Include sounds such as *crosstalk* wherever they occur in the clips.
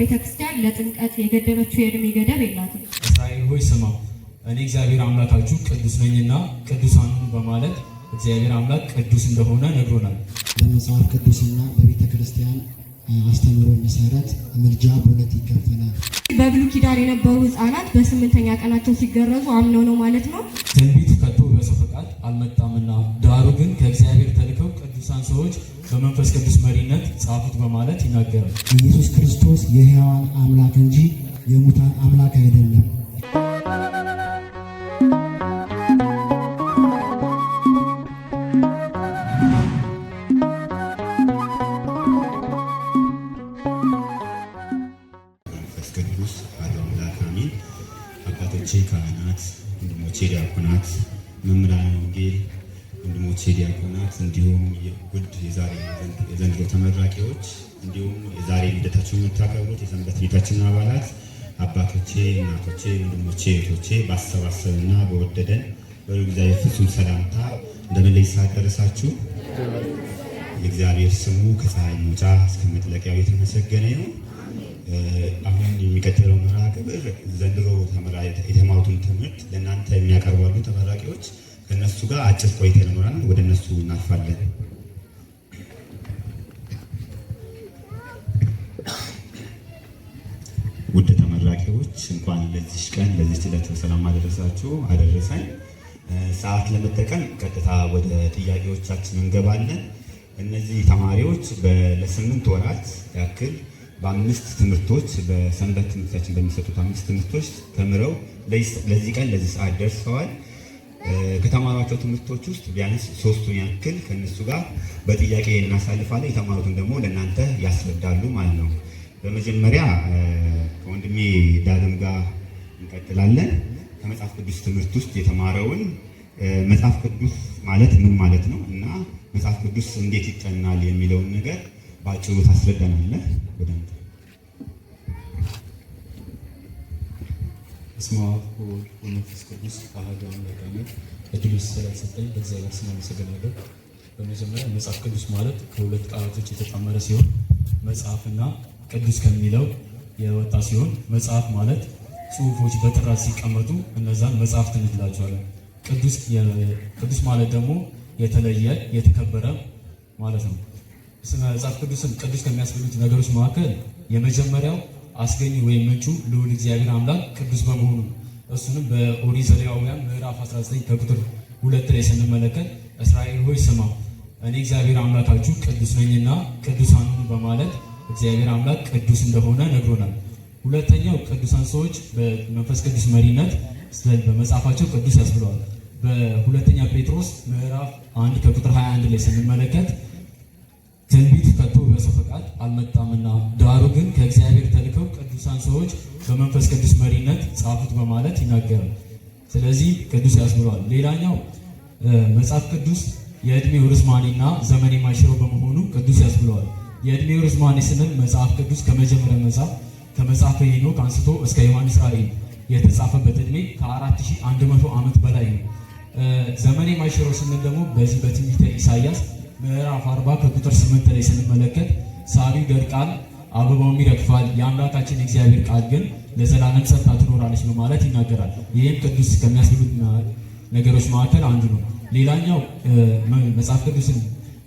ቤተክርስቲያን ለጥምቀት የገደበችው የእድሜ ገደብ የላትም። እስራኤል ሆይ ስማ፣ እኔ እግዚአብሔር አምላካችሁ ቅዱስ ነኝና ቅዱሳን በማለት እግዚአብሔር አምላክ ቅዱስ እንደሆነ ነግሮናል። በመጽሐፍ ቅዱስና በቤተክርስቲያን አስተምሮ መሰረት ምልጃ በሁለት ይከፈላል። በብሉይ ኪዳን የነበሩ ህጻናት በስምንተኛ ቀናቸው ሲገረዙ አምነው ነው ማለት ነው። ትንቢት ከቶ በሰው አልመጣምና፣ ዳሩ ግን ከእግዚአብሔር ተልከው ቅዱሳን ሰዎች በመንፈስ ቅዱስ መሪነት ጻፉት በማለት ይናገራል። ኢየሱስ ክርስቶስ የሕያዋን አምላክ እንጂ የሙታን አምላክ አይደለም። እህቶቼ ባሰባሰብና በወደደን በእግዚአብሔር ፍጹም ሰላምታ እንደመለይ ሳደረሳችሁ የእግዚአብሔር ስሙ ከፀሐይ መውጫ እስከ መጥለቂያው የተመሰገነ ነው። አሁን የሚቀጥለው መርሃ ግብር ዘንድሮ የተማሩትን ትምህርት ለእናንተ የሚያቀርባሉ ተመራቂዎች ከእነሱ ጋር አጭር ቆይታ ይኖራል። ወደ እነሱ እናልፋለን። እንኳን ለዚች ቀን ለዚች ዕለት በሰላም አደረሳችሁ አደረሰን። ሰዓት ለመጠቀም ቀጥታ ወደ ጥያቄዎቻችን እንገባለን። እነዚህ ተማሪዎች ለስምንት ወራት ያክል በአምስት ትምህርቶች በሰንበት ትምህርታችን በሚሰጡት አምስት ትምህርቶች ተምረው ለዚህ ቀን ለዚህ ሰዓት ደርሰዋል። ከተማሯቸው ትምህርቶች ውስጥ ቢያንስ ሶስቱን ያክል ከእነሱ ጋር በጥያቄ እናሳልፋለን። የተማሩትን ደግሞ ለእናንተ ያስረዳሉ ማለት ነው። በመጀመሪያ ከወንድሜ ዳግም ጋር እንቀጥላለን። ከመጽሐፍ ቅዱስ ትምህርት ውስጥ የተማረውን መጽሐፍ ቅዱስ ማለት ምን ማለት ነው እና መጽሐፍ ቅዱስ እንዴት ይጠናል የሚለውን ነገር በአጭሩ ታስረዳናለህ። በደንብ እስማ መንፈስ ቅዱስ አህዶ አምላካነት እድሉ ስለተሰጠኝ በእግዚአብሔር ስም አመሰግናለሁ። በመጀመሪያ መጽሐፍ ቅዱስ ማለት ከሁለት ቃላቶች የተጣመረ ሲሆን መጽሐፍና ቅዱስ ከሚለው የወጣ ሲሆን መጽሐፍ ማለት ጽሁፎች በጥራት ሲቀመጡ እነዛን መጽሐፍት እንላቸዋለን። ቅዱስ ማለት ደግሞ የተለየ የተከበረ ማለት ነው። ስለ መጽሐፍ ቅዱስን ቅዱስ ከሚያስብሉት ነገሮች መካከል የመጀመሪያው አስገኝ ወይም ምንጩ ልዑል እግዚአብሔር አምላክ ቅዱስ በመሆኑ እሱንም በኦሪት ዘሌዋውያን ምዕራፍ 19 ከቁጥር ሁለት ላይ ስንመለከት እስራኤል ሆይ ስማ፣ እኔ እግዚአብሔር አምላካችሁ ቅዱስ ነኝና ቅዱሳን በማለት እግዚአብሔር አምላክ ቅዱስ እንደሆነ ነግሮናል። ሁለተኛው ቅዱሳን ሰዎች በመንፈስ ቅዱስ መሪነት በመጽሐፋቸው ቅዱስ ያስብለዋል። በሁለተኛ ጴጥሮስ ምዕራፍ አንድ ከቁጥር 21 ላይ ስንመለከት ትንቢት ከቶ በሰው ፈቃድ አልመጣምና ዳሩ ግን ከእግዚአብሔር ተልከው ቅዱሳን ሰዎች በመንፈስ ቅዱስ መሪነት ጻፉት በማለት ይናገራል። ስለዚህ ቅዱስ ያስብለዋል። ሌላኛው መጽሐፍ ቅዱስ የእድሜ ርዝማኔና ዘመን የማይሽረው በመሆኑ ቅዱስ ያስብለዋል። የእድሜ ርዝማኔ ስምን መጽሐፍ ቅዱስ ከመጀመሪያ መጽሐፍ ከመጽሐፈ ሄኖክ አንስቶ እስከ ዮሐንስ ራእይ የተጻፈበት እድሜ ከ4100 ዓመት በላይ ነው። ዘመን የማይሽረው ስንል ደግሞ በዚህ በትንቢተ ኢሳያስ ምዕራፍ 40 ከቁጥር 8 ላይ ስንመለከት ሳሪው ይደርቃል፣ አበባውም ይረግፋል፣ የአምላካችን እግዚአብሔር ቃል ግን ለዘላለም ጸንታ ትኖራለች በማለት ይናገራል። ይህም ቅዱስ ከሚያስብሉት ነገሮች መካከል አንዱ ነው። ሌላኛው መጽሐፍ ቅዱስን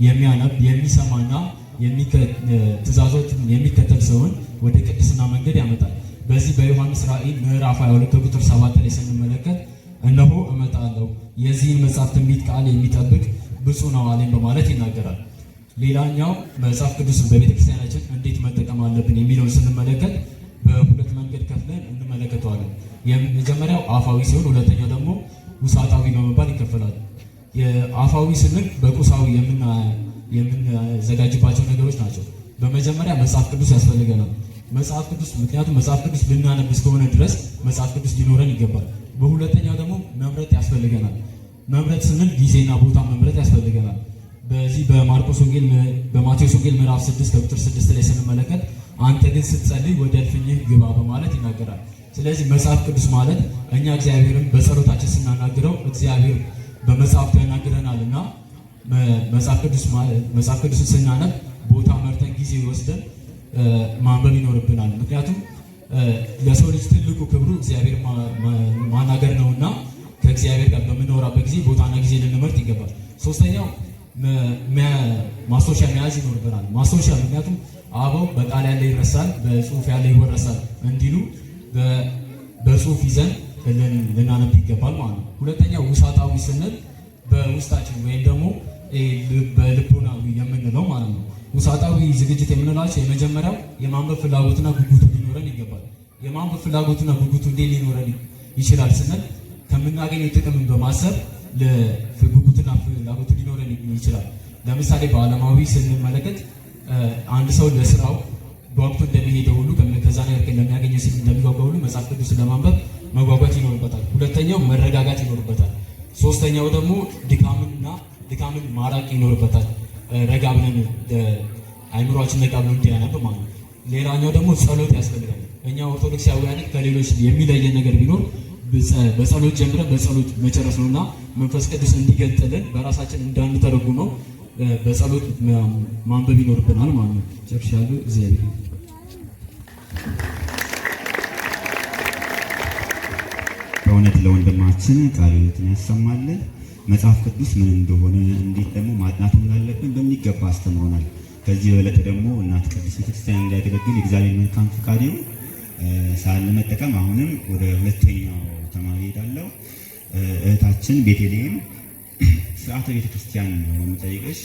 የሚያነብ የሚሰማና ትእዛዞችን የሚከተል ሰውን ወደ ቅድስና መንገድ ያመጣል። በዚህ በዮሐንስ ራእይ ምዕራፍ 22 ከቁጥር 7 ላይ ስንመለከት እነሆ እመጣለሁ የዚህን መጽሐፍ ትንቢት ቃል የሚጠብቅ ብፁዕ ነው አለኝ በማለት ይናገራል። ሌላኛው መጽሐፍ ቅዱስ በቤተክርስቲያናችን እንዴት መጠቀም አለብን የሚለውን ስንመለከት በሁለት መንገድ ከፍለን እንመለከተዋለን። የመጀመሪያው አፋዊ ሲሆን ሁለተኛው ደግሞ ውሳጣዊ በመባል ይከፈላል። የአፋዊ ስንል በቁሳዊ የምና የምንዘጋጅባቸው ነገሮች ናቸው። በመጀመሪያ መጽሐፍ ቅዱስ ያስፈልገናል። መጽሐፍ ቅዱስ ምክንያቱም መጽሐፍ ቅዱስ ልናነብ እስከሆነ ድረስ መጽሐፍ ቅዱስ ሊኖረን ይገባል። በሁለተኛው ደግሞ መምረጥ ያስፈልገናል። መምረጥ ስንል ጊዜና ቦታ መምረጥ ያስፈልገናል። በዚህ በማርቆስ ወንጌል በማቴዎስ ወንጌል ምዕራፍ 6 ከቁጥር 6 ላይ ስንመለከት አንተ ግን ስትጸልይ ወደ እልፍኝህ ግባ በማለት ይናገራል። ስለዚህ መጽሐፍ ቅዱስ ማለት እኛ እግዚአብሔርን በጸሎታችን ስናናግረው እግዚአብሔር በመጽሐፍቱ እና መጽሐፍ ቅዱስን ስናነብ ቦታ መርተን ጊዜ ወስደን ማንበብ ይኖርብናል። ምክንያቱም ለሰው ልጅ ትልቁ ክብሩ እግዚአብሔር ማናገር ነው እና ከእግዚአብሔር ጋር በምንወራበት ጊዜ ቦታና ጊዜ ልንመርጥ ይገባል። ሶስተኛው ማስታወሻ መያዝ ይኖርብናል። ማስታወሻ ምክንያቱም አበው በቃል ያለ ይረሳል፣ በጽሁፍ ያለ ይወረሳል እንዲሉ በጽሁፍ ይዘን ልናነብ ይገባል ማለት ነው። ሁለተኛው ውሳጣዊ ስንል በውስጣችን ወይም ደግሞ በልቦናዊ የምንለው ማለት ነው። ውሳጣዊ ዝግጅት የምንላቸው የመጀመሪያው የማንበብ ፍላጎትና ጉጉቱ ሊኖረን ይገባል። የማንበብ ፍላጎትና ጉጉቱ እንዴት ሊኖረን ይችላል ስንል ከምናገኘው ጥቅምን በማሰብ ጉጉትና ፍላጎቱ ሊኖረን ይችላል። ለምሳሌ በዓለማዊ ስንመለከት አንድ ሰው ለስራው ጓጉቶ እንደሚሄደው ሁሉ ከዛ ነገር ለሚያገኘው ሲል እንደሚጓጓ ሁሉ መጽሐፍ ቅዱስ ለማንበብ መጓጓት ይኖርበታል። ሁለተኛው መረጋጋት ይኖርበታል። ሶስተኛው ደግሞ ድካምና ድካምን ማራቅ ይኖርበታል። ረጋ ብለን አይምሯችን ረጋ ብለን እንዲያነብ ማለት ነው። ሌላኛው ደግሞ ጸሎት ያስፈልጋል። እኛ ኦርቶዶክሳውያንን ከሌሎች የሚለየን ነገር ቢኖር በጸሎት ጀምረን በጸሎት መጨረስ ነው እና መንፈስ ቅዱስ እንዲገልጥልን በራሳችን እንዳንተረጉ ነው። በጸሎት ማንበብ ይኖርብናል ማለት ነው። ጨርሻሉ። እግዚአብሔር በእውነት ለወንድማችን ቃሉን ያሰማለን። መጽሐፍ ቅዱስ ምን እንደሆነ እንዴት ደግሞ ማጥናት እንዳለብን በሚገባ አስተምሮናል። ከዚህ በበለጠ ደግሞ እናት ቅድስት ቤተክርስቲያን እንዲያገለግል እግዚአብሔር መልካም ፈቃድ ይሁን ሰዓት ለመጠቀም አሁንም ወደ ሁለተኛው ተማሪ ሄዳለው። እህታችን ቤተልሔም ስርዓተ ቤተክርስቲያን ነው የምጠይቅሽ።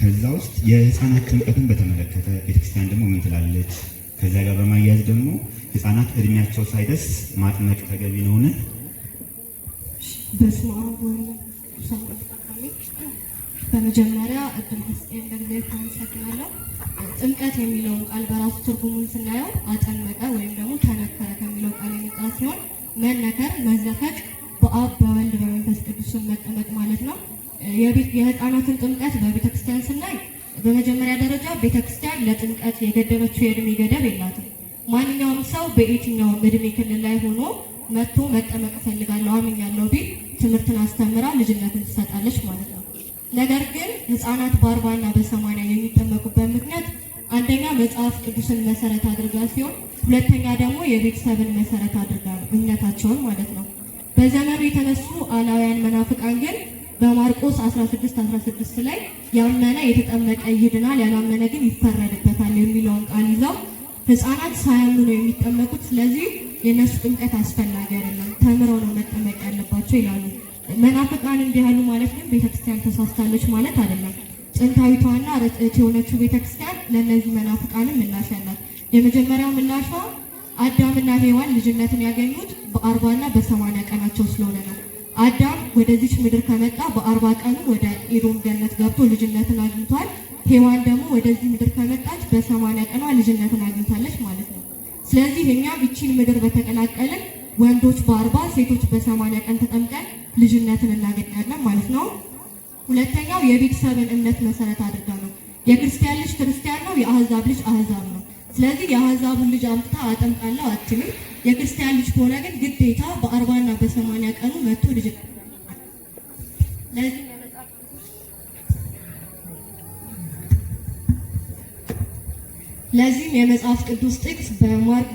ከዛ ውስጥ የህፃናት ጥምቀትን በተመለከተ ቤተክርስቲያን ደግሞ ምን ትላለች? ከዚያ ጋር በማያያዝ ደግሞ ህፃናት እድሜያቸው ሳይደርስ ማጥመቅ ተገቢ ነውን? በስመ አብ ማስተዋወቅ በመጀመሪያ እድል ተስጤን ጥምቀት የሚለውን ቃል በራሱ ትርጉሙን ስናየው አጠመቀ ወይም ደግሞ ተነከረ ከሚለው ቃል የመጣ ሲሆን መነከር፣ መዘፈቅ በአብ በወልድ በመንፈስ ቅዱስን መጠመቅ ማለት ነው። የህፃናትን ጥምቀት በቤተክርስቲያን ስናይ በመጀመሪያ ደረጃ ቤተክርስቲያን ለጥምቀት የገደበችው የእድሜ ገደብ የላትም። ማንኛውም ሰው በየትኛውም እድሜ ክልል ላይ ሆኖ መጥቶ መጠመቅ እፈልጋለሁ አምኛለሁ ቢል ትምህርትን አስተምራ ልጅነትን ትሰጣለች ማለት ነው። ነገር ግን ህፃናት በአርባና በሰማንያ የሚጠመቁበት ምክንያት አንደኛ መጽሐፍ ቅዱስን መሰረት አድርጋ ሲሆን፣ ሁለተኛ ደግሞ የቤተሰብን መሰረት አድርጋ እምነታቸውን ማለት ነው። በዘመኑ የተነሱ አላውያን መናፍቃን ግን በማርቆስ 16 16 ላይ ያመነ የተጠመቀ ይድናል፣ ያላመነ ግን ይፈረድበታል የሚለውን ቃል ይዘው ህፃናት ሳያምኑ ነው የሚጠመቁት። ስለዚህ የነሱ ጥምቀት አስፈላጊ አይደለም፣ ተምረው ነው መጠመቅ ያለባቸው ይላሉ። መናፍቃን እንዲህ ያሉ ማለት ግን ቤተክርስቲያን ተሳስታለች ማለት አይደለም። ጥንታዊቷና ርትዕት የሆነችው ቤተክርስቲያን ለእነዚህ መናፍቃንም ምላሽ ያላት። የመጀመሪያው ምላሿ አዳምና ሔዋን ልጅነትን ያገኙት በአርባና በሰማንያ ቀናቸው ስለሆነ ነው። አዳም ወደዚች ምድር ከመጣ በአርባ ቀኑ ወደ ኤዶም ገነት ገብቶ ልጅነትን አግኝቷል። ሔዋን ደግሞ ወደዚህ ምድር ከመጣች በሰማንያ ቀኗ ልጅነትን አግኝታለች ማለት ነው። ስለዚህ እኛ ይችን ምድር በተቀላቀልን ወንዶች በአርባ ሴቶች በሰማንያ ቀን ተጠምቀን ልጅነትን እናገኛለን ማለት ነው። ሁለተኛው የቤተሰብን እምነት መሰረት አድርጋ ነው። የክርስቲያን ልጅ ክርስቲያን ነው፣ የአህዛብ ልጅ አህዛብ ነው። ስለዚህ የአህዛቡን ልጅ አምጥታ አጠምቃለሁ አትልም። የክርስቲያን ልጅ ከሆነ ግን ግዴታ በአርባና በሰማንያ ቀኑ መጥቶ ልጅ ለዚህም የመጽሐፍ ቅዱስ ጥቅስ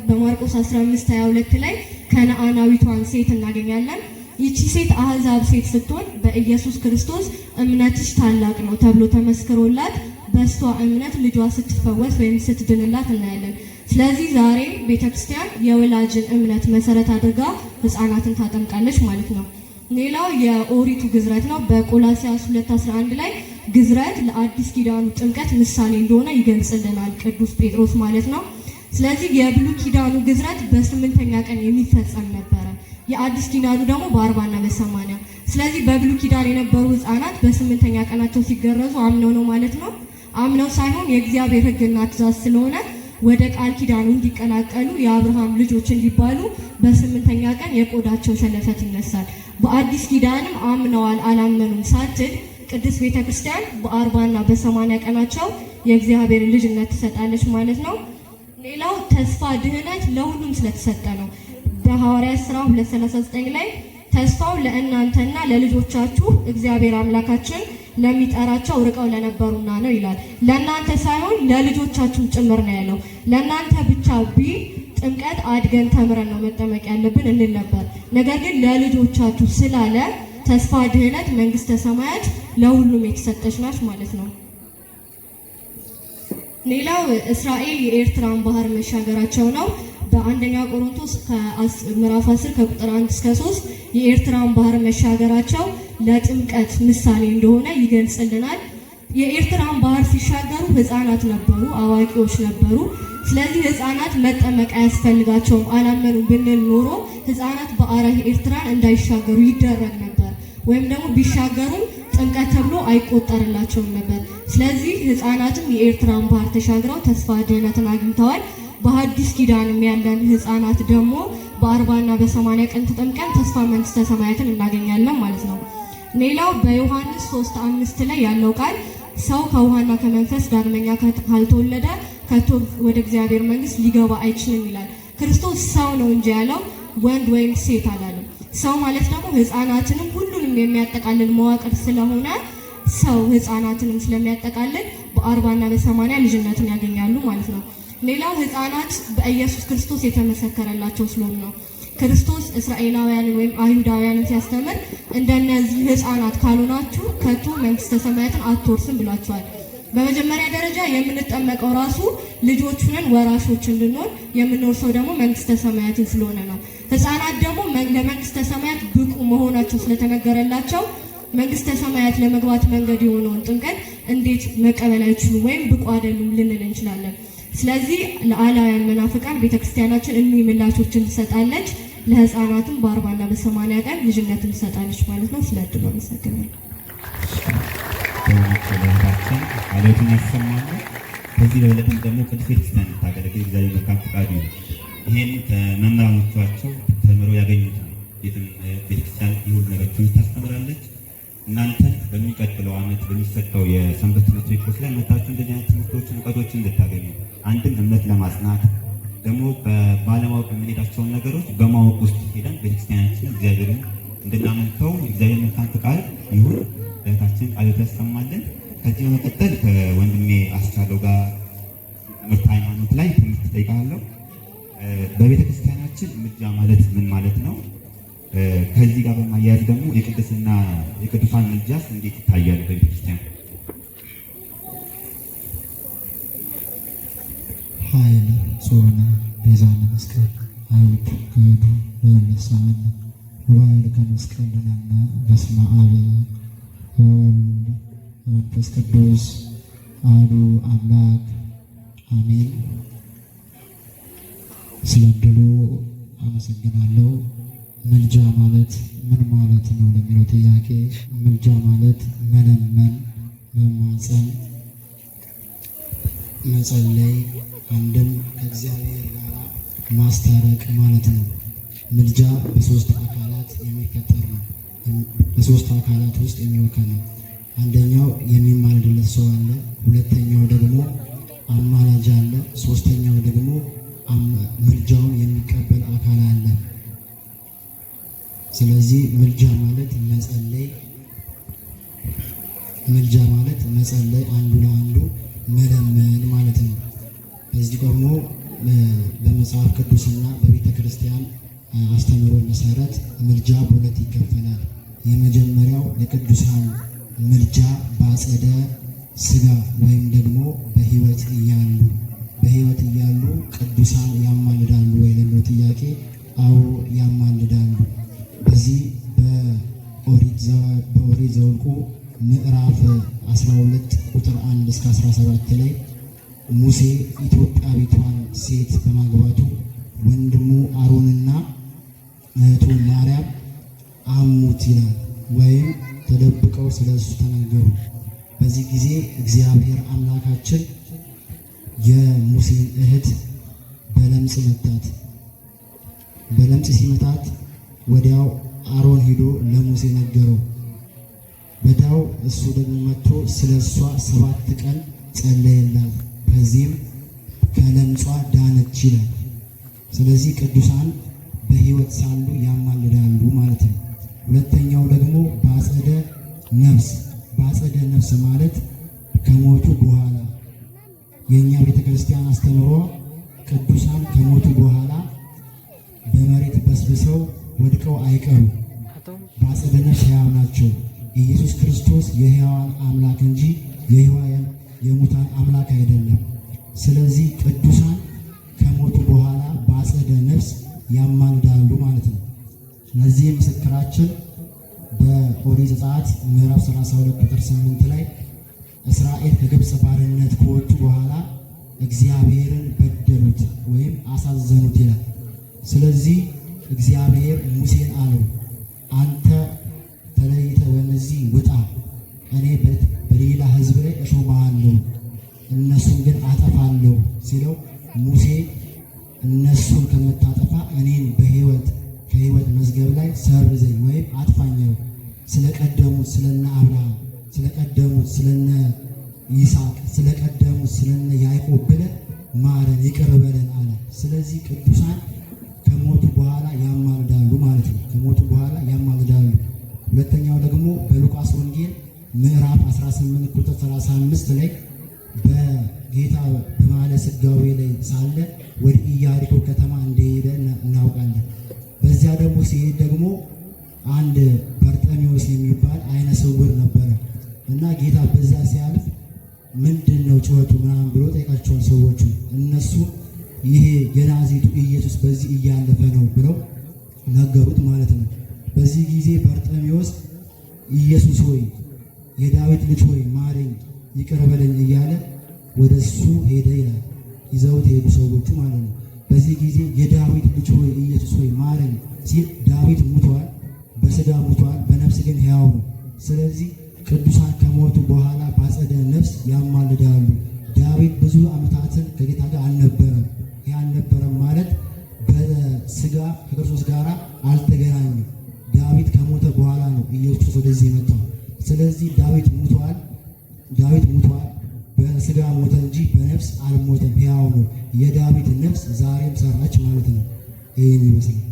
በማርቆስ 15 22 ላይ ከነአናዊቷን ሴት እናገኛለን። ይቺ ሴት አህዛብ ሴት ስትሆን በኢየሱስ ክርስቶስ እምነትሽ ታላቅ ነው ተብሎ ተመስክሮላት በእሷ እምነት ልጇ ስትፈወስ ወይም ስትድንላት እናያለን። ስለዚህ ዛሬ ቤተክርስቲያን የወላጅን እምነት መሰረት አድርጋ ህፃናትን ታጠምቃለች ማለት ነው። ሌላው የኦሪቱ ግዝረት ነው። በቆላሲያስ 2:11 ላይ ግዝረት ለአዲስ ኪዳኑ ጥምቀት ምሳሌ እንደሆነ ይገልጽልናል ቅዱስ ጴጥሮስ ማለት ነው። ስለዚህ የብሉ ኪዳኑ ግዝረት በስምንተኛ ቀን የሚፈጸም ነበረ። የአዲስ ኪዳኑ ደግሞ በአርባና በሰማንያ ስለዚህ በብሉ ኪዳን የነበሩ ህፃናት በስምንተኛ ቀናቸው ሲገረዙ አምነው ነው ማለት ነው። አምነው ሳይሆን የእግዚአብሔር ህግና ትእዛዝ ስለሆነ ወደ ቃል ኪዳኑ እንዲቀላቀሉ የአብርሃም ልጆች እንዲባሉ በስምንተኛ ቀን የቆዳቸው ሸለፈት ይነሳል። በአዲስ ኪዳንም አምነዋል አላመኑም ሳትል ቅድስት ቤተ ክርስቲያን በአርባና በሰማንያ ቀናቸው የእግዚአብሔር ልጅነት ትሰጣለች ማለት ነው። ሌላው ተስፋ ድህነት ለሁሉም ስለተሰጠ ነው። በሐዋርያት ሥራ 239 ላይ ተስፋው ለእናንተና ለልጆቻችሁ እግዚአብሔር አምላካችን ለሚጠራቸው ርቀው ለነበሩና ነው ይላል። ለእናንተ ሳይሆን ለልጆቻችሁ ጭምር ነው ያለው። ለእናንተ ብቻ ቢ ጥምቀት አድገን ተምረን ነው መጠመቅ ያለብን እንል ነበር። ነገር ግን ለልጆቻችሁ ስላለ ተስፋ ድህነት መንግስተ ሰማያት ለሁሉም የተሰጠች ናች ማለት ነው። ሌላው እስራኤል የኤርትራን ባህር መሻገራቸው ነው። በአንደኛ ቆሮንቶስ ምዕራፍ 10 ከቁጥር 1 እስከ 3 የኤርትራን ባህር መሻገራቸው ለጥምቀት ምሳሌ እንደሆነ ይገልጽልናል። የኤርትራን ባህር ሲሻገሩ ህፃናት ነበሩ፣ አዋቂዎች ነበሩ። ስለዚህ ህፃናት መጠመቅ አያስፈልጋቸውም። አላመኑ ብንል ኖሮ ህፃናት በአረ ኤርትራን እንዳይሻገሩ ይደረግ ነበር፣ ወይም ደግሞ ቢሻገሩም አይቆጠርላቸውም ነበር። ስለዚህ ህፃናትም የኤርትራን ባህር ተሻግረው ተስፋ ድህነትን አግኝተዋል። በሐዲስ ኪዳንም ያለን ህፃናት ደግሞ በአርባና በሰማንያ ቀን ተጠምቀን ተስፋ መንግስተ ሰማያትን እናገኛለን ማለት ነው። ሌላው በዮሐንስ ሶስት አምስት ላይ ያለው ቃል ሰው ከውሃና ከመንፈስ ዳግመኛ ካልተወለደ ከቶ ወደ እግዚአብሔር መንግስት ሊገባ አይችልም ይላል። ክርስቶስ ሰው ነው እንጂ ያለው ወንድ ወይም ሴት አላለም። ሰው ማለት ደግሞ ህፃናትንም ሁሉንም የሚያጠቃልል መዋቅር ስለሆነ ሰው ህፃናትንም ስለሚያጠቃልል በአርባና በሰማንያ ልጅነትን ያገኛሉ ማለት ነው። ሌላው ህፃናት በኢየሱስ ክርስቶስ የተመሰከረላቸው ስለሆኑ ነው። ክርስቶስ እስራኤላውያንን ወይም አይሁዳውያንን ሲያስተምር እንደነዚህ ህፃናት ካልሆናችሁ ከቶ መንግስተ ሰማያትን አትወርስም ብሏቸዋል። በመጀመሪያ ደረጃ የምንጠመቀው ራሱ ልጆች ሆነን ወራሾች እንድንሆን የምንወርሰው ደግሞ መንግስተ ሰማያትን ስለሆነ ነው። ህፃናት ደግሞ ለመንግስተ ሰማያት ብቁ መሆናቸው ስለተነገረላቸው መንግስተ ሰማያት ለመግባት መንገድ የሆነውን ጥምቀት እንዴት መቀበል አይችሉም ወይም ብቁ አይደሉም ልንል እንችላለን። ስለዚህ ለአላውያን መናፍቃን ቤተክርስቲያናችን እኒ ምላሾችን ትሰጣለች። ለህፃናትም በአርባና በሰማንያ ቀን ልጅነትን ትሰጣለች ማለት ነው። ስለ ድሎ አመሰግናለሁ። ሰዎችን አለቱን ያሰማሉ። ከዚህ በበለጠም ደግሞ ቅዱስ ቤተክርስቲያን የምታገለግል ዛሬ መልካም ፈቃዱ ነው። ይህን ከመምህራኖቻቸው ተምረው ያገኙት ነው። ቤተክርስቲያን ይሁን ነገሮችን ታስተምራለች። እናንተ በሚቀጥለው ዓመት በሚሰጠው የሰንበት ትምህርት ቤቶች ላይ መታችሁ እንደዚህ አይነት ትምህርቶችን እውቀቶችን እንድታገኙ አንድም እምነት ለማጽናት ደግሞ በባለማወቅ የምንሄዳቸውን ነገሮች በማወቅ ውስጥ ሄደን ቤተክርስቲያናችን እግዚአብሔር አብ መንፈስ ቅዱስ አሐዱ አምላክ አሜን። ስለ እድሉ አመሰግናለሁ። ምልጃ ማለት ምን ማለት ነው ለሚለው ጥያቄ ምልጃ ማለት መለመን፣ መማፀን፣ መጸለይ አንድም ከእግዚአብሔር ጋር ማስታረቅ ማለት ነው። ምልጃ በሶስት አካላት የሚፈጠር ነው። በሶስት አካላት ውስጥ የሚወከል ነው። አንደኛው የሚማልድለት ሰው አለ፣ ሁለተኛው ደግሞ አማላጅ አለ፣ ሶስተኛው ደግሞ ምልጃውን የሚቀበል አካል አለ። ስለዚህ ምልጃ ማለት መጸለይ፣ ምልጃ ማለት መጸለይ፣ አንዱ ለአንዱ መለመን ማለት ነው። በዚህ ደግሞ በመጽሐፍ ቅዱስና በቤተ ክርስቲያን አስተምሮ መሰረት ምልጃ በሁለት ይከፈላል። የመጀመሪያው ለቅዱሳን ምልጃ በአጸደ ስጋ ወይም ደግሞ በህይወት እያሉ በህይወት እያሉ ቅዱሳን ያማልዳሉ ወይ ለሚለው ጥያቄ አዎ ያማልዳሉ። በዚህ በኦሪት ዘኍልቍ ምዕራፍ 12 ቁጥር 1 እስከ 17 ላይ ሙሴ ኢትዮጵያዊቷን ሴት በማግባቱ ወንድሙ አሮን እህቱ ማርያም አሙት ይላል ወይም ተደብቀው ስለ እሱ ተናገሩ። በዚህ ጊዜ እግዚአብሔር አምላካችን የሙሴን እህት በለምጽ መታት። በለምጽ ሲመታት ወዲያው አሮን ሂዶ ለሙሴ ነገረው። ወዲያው እሱ ደግሞ መጥቶ ስለ እሷ ሰባት ቀን ጸለየላት። በዚህም ከለምጿ ዳነች ይላል። ስለዚህ ቅዱሳን በህይወት ሳሉ ያማልዳሉ ማለት ነው። ሁለተኛው ደግሞ በአጸደ ነፍስ። በአጸደ ነፍስ ማለት ከሞቱ በኋላ የእኛ ቤተ ክርስቲያን አስተምሮ ቅዱሳን ከሞቱ በኋላ በመሬት በስብሰው ወድቀው አይቀሩ። በአጸደ ነፍስ ሕያው ናቸው። ኢየሱስ ክርስቶስ የሕያዋን አምላክ እንጂ የሕያዋን የሙታን አምላክ አይደለም። ስለዚህ ቅዱሳን ከሞቱ በኋላ በአጸደ ነፍስ ያማልዳሉ ማለት ነው። ለዚህ ምስክራችን በኦሪት ዘጸአት ምዕራፍ 32 ቁጥር 8 ላይ እስራኤል ከግብፅ ባርነት ከወጡ በኋላ እግዚአብሔርን በደሉት ወይም አሳዘኑት ይላል። ስለዚህ እግዚአብሔር ሙሴን አለው አንተ ተለይተ በእነዚህ ውጣ፣ እኔ በሌላ ሕዝብ ላይ እሾማለሁ፣ እነሱም ግን አጠፋለሁ ሲለው ሙሴ እነሱን ከምታጠፋ እኔን በህይወት ከህይወት መዝገብ ላይ ሰርዘኝ ወይም አጥፋኛው ስለቀደሙት ስለነ አብርሃም ስለቀደሙት ስለነ ይስሐቅ ስለቀደሙት ስለነ ያዕቆብ ብለን ማረን ይቅር በለን አለ። ስለዚህ ቅዱሳን ከሞቱ በኋላ ያማልዳሉ ማለት ነው። ከሞቱ በኋላ ያማልዳሉ። ሁለተኛው ደግሞ በሉቃስ ወንጌል ምዕራፍ 18 ቁጥር 35 ላይ ጌታ በመዋዕለ ስጋዌ ላይ ሳለ ወደ ኢያሪኮ ከተማ እንደሄደ እናውቃለን። በዚያ ደግሞ ሲሄድ ደግሞ አንድ በርጠሚዎስ የሚባል አይነ ስውር ነበረ እና ጌታ በዛ ሲያልፍ ምንድን ነው ጩኸቱ ምናምን ብሎ ጠይቃቸዋል። ሰዎቹ እነሱ ይሄ ገናዚቱ ኢየሱስ በዚህ እያለፈ ነው ብለው ነገሩት ማለት ነው። በዚህ ጊዜ በርጠሚዎስ ኢየሱስ ሆይ የዳዊት ልጅ ሆይ ማረኝ፣ ይቅር በለኝ እያለ ወደሱ እሱ ሄደ ይላል። ይዘውት ሄዱ ሰዎቹ ማለት ነው። በዚህ ጊዜ የዳዊት ልጅ ሆይ ኢየሱስ ሆይ ማረኝ ሲል ዳዊት ሙቷል፣ በስጋ ሙቷል፣ በነፍስ ግን ሕያው ነው። ስለዚህ ቅዱሳን ከሞቱ በኋላ ባጸደ ነፍስ ያማልዳሉ። ዳዊት ብዙ ዓመታትን ከጌታ ጋር አልነበረም። ይህ አልነበረም ማለት በስጋ ከክርስቶስ ጋር አልተገናኙም። ዳዊት ከሞተ በኋላ ነው ኢየሱስ ወደዚህ የመጣው። ስለዚህ ዳዊት ሙቷል፣ ዳዊት ሙቷል በሥጋ ሞተ እንጂ በነፍስ አልሞተም፣ ሕያው ነው። የዳዊት ነፍስ ዛሬም ሰራች ማለት ነው። ይህን ይመስላል።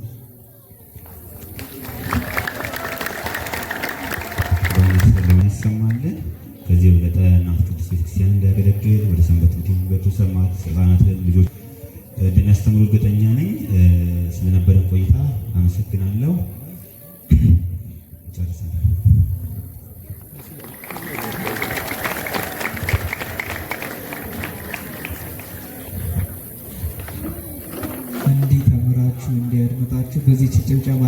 ከዚህ እናት ቤተክርስቲያን እንዳያገለግል ወደ ሰንበት ትምህርት የሚበጡ ሰማት ህጻናትን ልጆች እርግጠኛ ነኝ። ስለነበረን ቆይታ አመሰግናለሁ። *clears throat* ጨርሰናል። በዚች ጭብጨባ